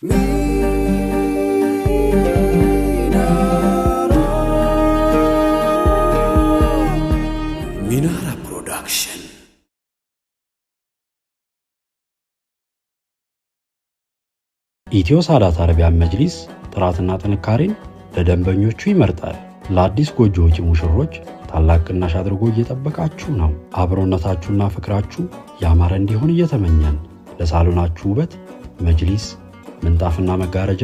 ኢትዮ ሳዳት አረቢያን መጅሊስ ጥራትና ጥንካሬን ለደንበኞቹ ይመርጣል። ለአዲስ ጎጆዎች ሙሽሮች ታላቅ ቅናሽ አድርጎ እየጠበቃችሁ ነው። አብሮነታችሁና ፍቅራችሁ ያማረ እንዲሆን እየተመኘን ለሳሎናችሁ ውበት መጅሊስ ምንጣፍና መጋረጃ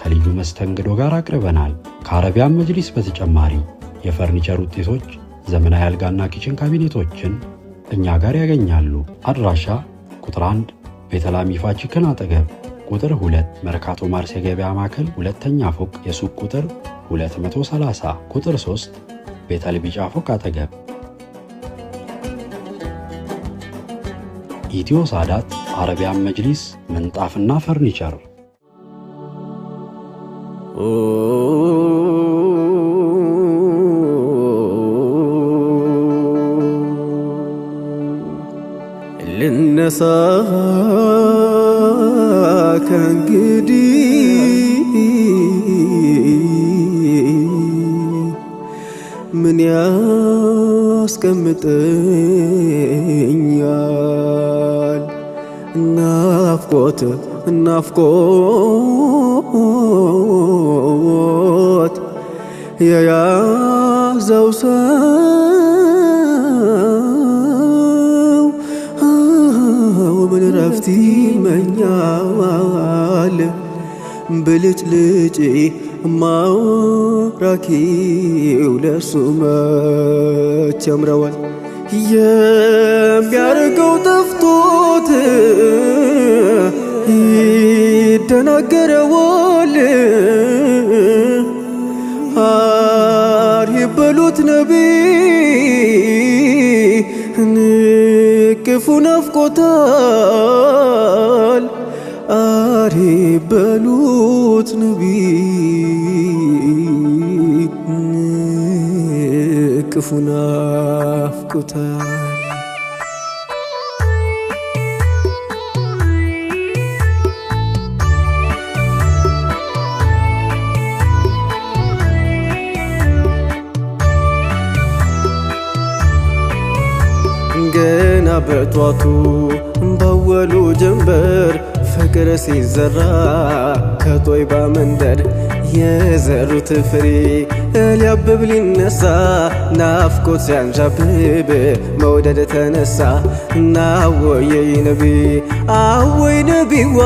ከልዩ መስተንግዶ ጋር አቅርበናል። ከአረቢያን መጅሊስ በተጨማሪ የፈርኒቸር ውጤቶች፣ ዘመናዊ አልጋና ኪችን ካቢኔቶችን እኛ ጋር ያገኛሉ። አድራሻ ቁጥር 1 ቤተላም ይፋ አጠገብ፣ ቁጥር 2 መርካቶ ማርስ የገበያ ማዕከል ሁለተኛ ፎቅ የሱቅ ቁጥር 230፣ ቁጥር 3 ቤተል ቢጫ ፎቅ አጠገብ። ኢትዮ ሳዳት አረቢያን መጅሊስ ምንጣፍና ፈርኒቸር ልነሳ ከእንግዲህ ምን ያስቀምጠኛል? ናፍቆት ናፍቆት የያዘው ሰው ምን ረፍት ይመኛል ብልጭ ልጭ ማራኪው ለሱ መች ያምረዋል የሚያርገው ጠፍቶት ተናገረዋል። አርሂ በሉት ነቢይ ንቅፉ ናፍቆታል። አርሂ በሉት ነቢይ ንቅፉ ናፍቆታል። በጧቱ ባወሉ ጀንበር ፍቅር ሲዘራ ከጦይባ መንደር የዘሩት ፍሬ ሊያብብ ሊነሳ ናፍቆት ሲያንዣብብ መውደድ ተነሳ ናወየይ ነቢ አወይ ነቢዋ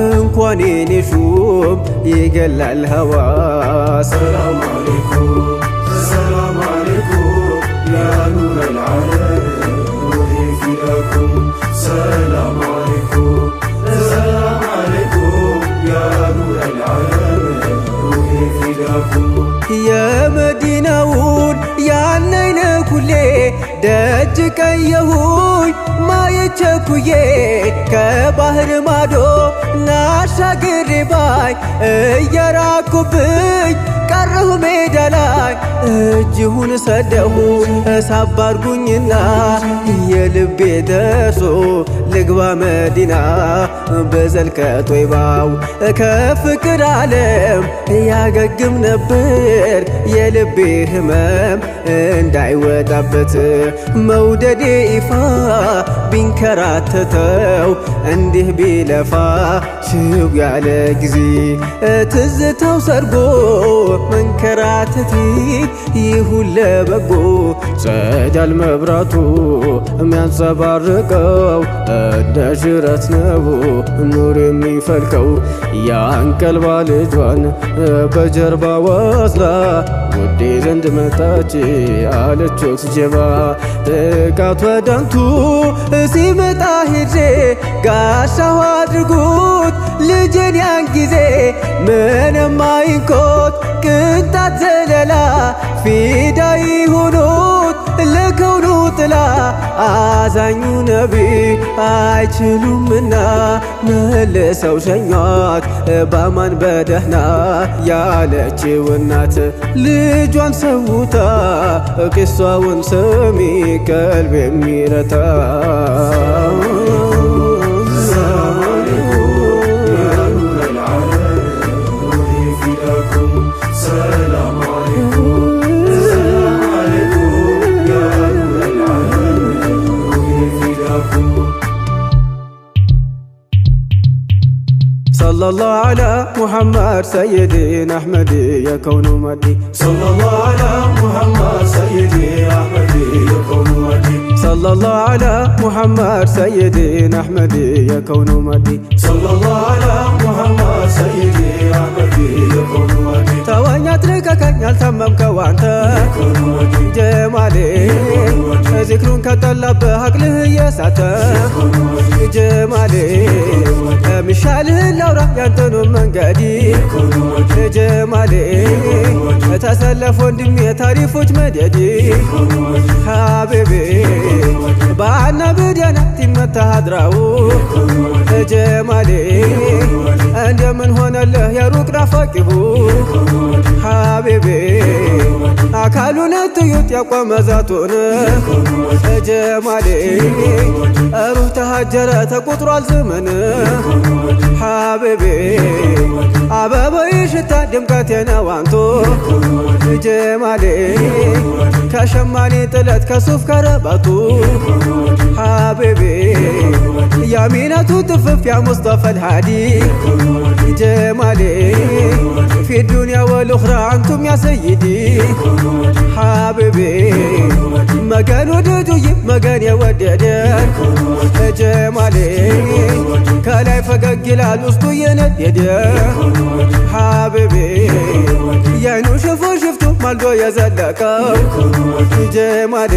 እንኳን የኔ ሹም ይገላል ሀዋ ሰላም አሌኩም ቸኩዬ ከባህር ማዶ ላሻግር ባይ እየራኩብኝ ቀረሁ ሜዳ ላይ እጅሁን ሰደሁ እሳባርጉኝና የልቤ ደርሶ ልግባ መዲና በዘልቀት ወይባው ከፍቅር ዓለም ያገግም ነበር የልቤ ህመም እንዳይወጣበት መውደዴ ይፋ ቢንከራተተው እንዲህ ቢለፋ ሽው ያለ ጊዜ ትዝታው ሰርጎ መንከራተቴ ይሁን ለበጎ ጸዳል መብራቱ የሚያንጸባርቀው እንደ ሽረት ኑር የሚፈልቀው ያንቀልባ ልጇን በጀርባ ወስላ ውዴ ዘንድ መጣች አለች ወስጀባ ጥቃት ወዳንቱ ሲመጣ ሄጄ ጋሻው አድርጉት ልጄን ያን ጊዜ ምንም አይንኮት ቅን ብርታት ዘለላ ፊዳ ይሁኑት ለከውኑ ጥላ አዛኙ ነቢ አይችሉምና መልሰው ሸኟት ባማን በደህና ያለችው እናት ልጇን ሰውታ ቂሷውን ስሚ ቀልብ የሚረታ على محمد سيدي أحمدي كون مدي صلى الله على محمد سيدي أحمدي كون مدي صلى الله على محمد سيدي أحمدي كون مدي صلى الله على محمد سيدي أحمدي كون مدي توانيت لك كان يلتمم كوانت يكون مدي جمالي ዚክሩን ከጠላበ አቅልህ እየሳተ ጀማሌ ለምሻልህ ላውራ ያንተኑ መንገዲ ጀማሌ ተሰለፍ ወንድሜ ታሪፎች መደዲ ሀቤቤ በአና ብዲያና ቲመታ ሀድራው ጀማሌ እንደምን ሆነለህ የሩቅ ናፋቂቡ ሀቢቤ አካሉን ትዩት ያቋመዛቱን ተጀማሌ ሩህ ተሃጀረ ተቆጥሯል ዘመን ሀቢቤ አበበይ ሽታ ድምቀት የነዋንቶ ጀማሌ ከሸማኔ ጥለት ከሱፍ ከረባቱ حبيبي يا مينة تفف يا مصطفى الهادي جمالي في الدنيا والأخرى أنتم يا سيدي حبيبي مكان ودودي مكان يا وددك جمالي كلاي فقق لال أسطو يند يدي حبيبي يعني شوفوا شفتوا ማልዶ የዘለቀው ልጄ ማዴ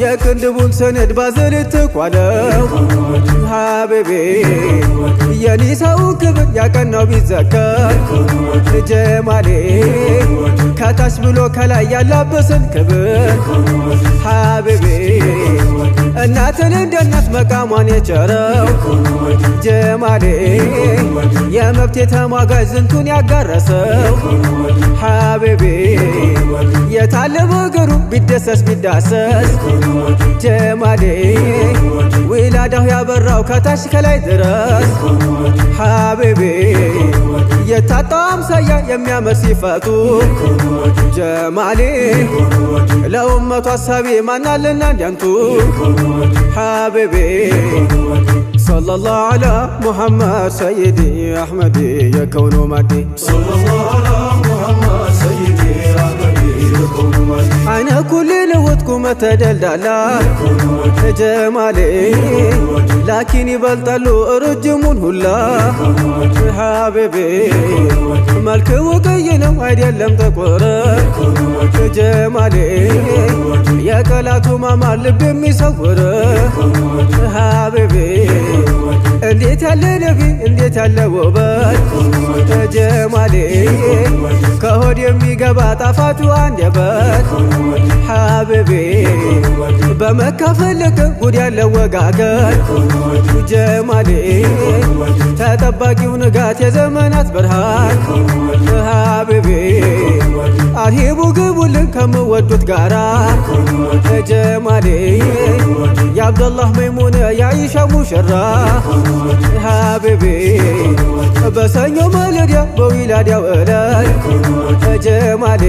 የቅንድቡን ሰነድ ባዘልት ኳለው ሀቤቤ የኒሳው ክብር ያቀናው ቢዘከር ልጄ ማዴ ከታች ብሎ ከላይ ያላበስን ክብር ሀቢቢ እናትን እንደ እናት መቃሟን የቸረው ጀማሌ የመብት የተሟጋጅ ዝንቱን ያጋረሰው ሀቢቢ የታለበ እግሩ ቢደሰስ ቢዳሰስ ጀማሌ ዊላዳሁ ያበራው ከታች ከላይ ድረስ ሀቢቢ የታጣ يميا مسيفاتو جمالي لو ما ለኡመቱ ما نالنا እንዲያንቱ حبيبي صلى الله على محمد سيدي احمد يا كون مادي صلى الله على محمد سيدي احمد يا كون مادي أنا كل ተለወጥ ቁመት ተደልዳላ ተጀማሌ ላኪን ይበልጣሉ ርጅሙን ሁላ ሀቢቤ መልክው ቀይ ነው አይደለም ጠቆረ ተጀማሌ የቀላቱ ማማ ልብ የሚሰውረ ሀቢቤ እንዴት ያለ ነቢ እንዴት ያለ ወበት ተጀማሌ ከሆድ የሚገባ ጣፋቱ አንደበት ሐብቤ በመካፈለክ ጉድ ያለ ወጋገን ጀማሌ ተጠባቂው ንጋት የዘመናት ብርሃን ሐብቤ አርሂቡ ግቡልን ከምወዱት ጋራ ተጀማሌ የአብደላህ መይሙነ የአይሻ ሙሽራ ሀቢቤ በሰኞ መለዳ በዊላዳ ወላይ ጀማሌ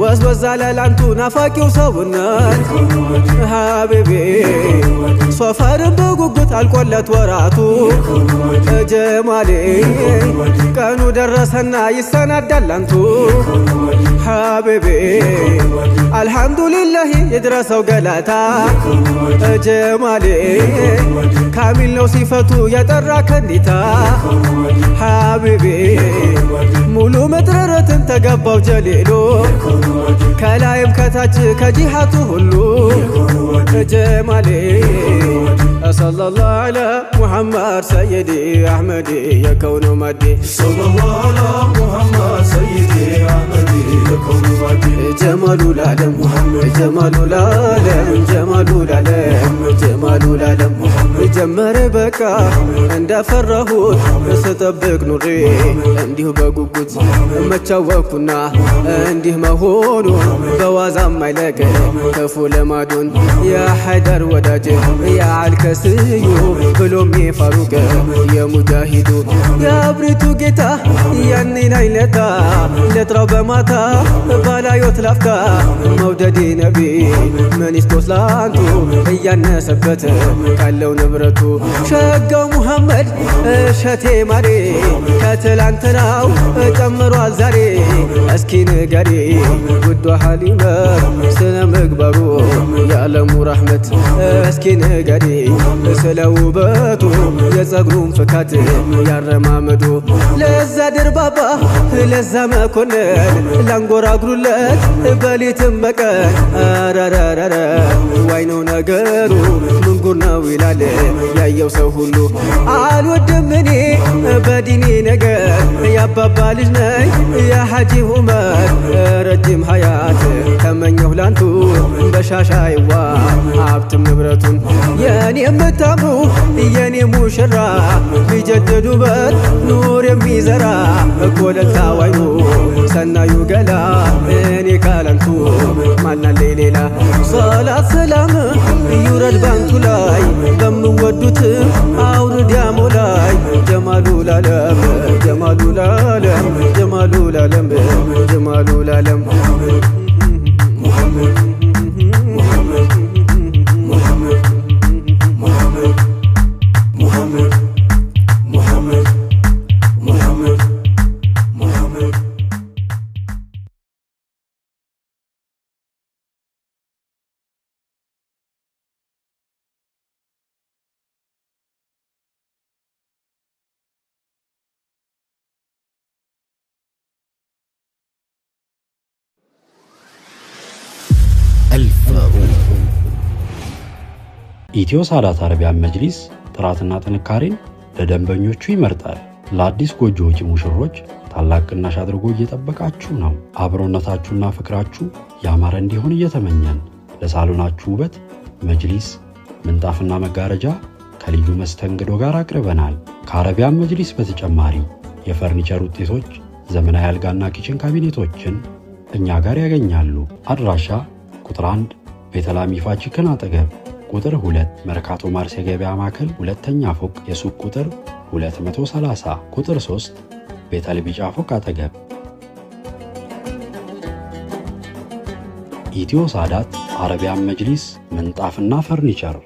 ወስበዛ ላላንቱ ናፋቂው ሰውነት ሀቢቤ ሶፈርን በጉጉት አልቆለት ወራቱ ጀማሌ ቀኑ ደረሰና ይሰናዳል አንቱ ሀቢቤ አልሐምዱሊላህ የድረሰው ገላታ እጀማሌ ካሚል ነው ሲፈቱ የጠራ ከኒታ ሐቢቤ ሙሉ መጥረረትን ተገባው ጀሌሎ ከላይም ከታች ከጂሃቱ ሁሉ እጀማሌ صلى الله على محمد سيدي أحمدي يا كون مدي صلى الله على محمد سيدي أحمدي يا كون مدي جمال العالم محمد جمال العالم جمال العالم جمال العالم محمد ጀመረ በቃ እንደፈራሁት ስጠብቅ ኑሬ እንዲሁ በጉጉት መቻወኩና እንዲህ መሆኑ በዋዛም አይለቅ ክፉ ልማዱን የሐይደር ወዳጅ የአልከስዩ ብሎም የፋሩቅ የሙጃሂዱ የአብሪቱ ጌታ ያኔን አይነታ ለጥራው በማታ ባላዮት ላፍታ መውደዴ ነቢ ምን ላንቱ እያነሰበት ካለው ንብ ንብረቱ ሸጋው ሙሐመድ እሸቴ ማሬ ከትላንትናው ጨምሯል ዛሬ እስኪ ንገሪ ውዷ ሀሊመ ስነ ምግባሩ የዓለሙ ረሕመት እስኪ ንገሪ ስለ ውበቱ የጸጉሩን ፍካት ያረማመዱ ለዛ ደርባባ ለዛ መኮንን ላንጎራጉሩለት በሊትም በቀን ረረረረ ዋይነው ነገሩ ምንጉር ነው ይላል ያየው ሰው ሁሉ አልወድም እኔ በዲኔ ነገር ያባባል ልጅ ነኝ የሐጂ ዑመር ረጅም ሀያት ተመኘሁ ላንቱ በሻሻይዋ ሀብትም ንብረቱን የኔ የምታምሩ የኔ ሙሽራ ቢጀድዱበት ኑር የሚዘራ ኮለልታ ዋይኑ ሰናዩ ገላ ኢትዮ ሳዳት አረቢያን መጅሊስ ጥራትና ጥንካሬን ለደንበኞቹ ይመርጣል። ለአዲስ ጎጆ ወጪ ሙሽሮች ታላቅ ቅናሽ አድርጎ እየጠበቃችሁ ነው። አብሮነታችሁና ፍቅራችሁ ያማረ እንዲሆን እየተመኘን ለሳሎናችሁ ውበት መጅሊስ ምንጣፍና መጋረጃ ከልዩ መስተንግዶ ጋር አቅርበናል። ከአረቢያን መጅሊስ በተጨማሪ የፈርኒቸር ውጤቶች፣ ዘመናዊ አልጋና ኪችን ካቢኔቶችን እኛ ጋር ያገኛሉ። አድራሻ ቁጥር 1 ቤተላሚፋ ችክን አጠገብ ቁጥር 2 መርካቶ ማርስ የገበያ ማዕከል ሁለተኛ ፎቅ የሱቅ ቁጥር 230 ቁጥር 3 ቤተል ቢጫ ፎቅ አጠገብ ኢትዮ ሳዳት አረቢያን መጅሊስ ምንጣፍና ፈርኒቸር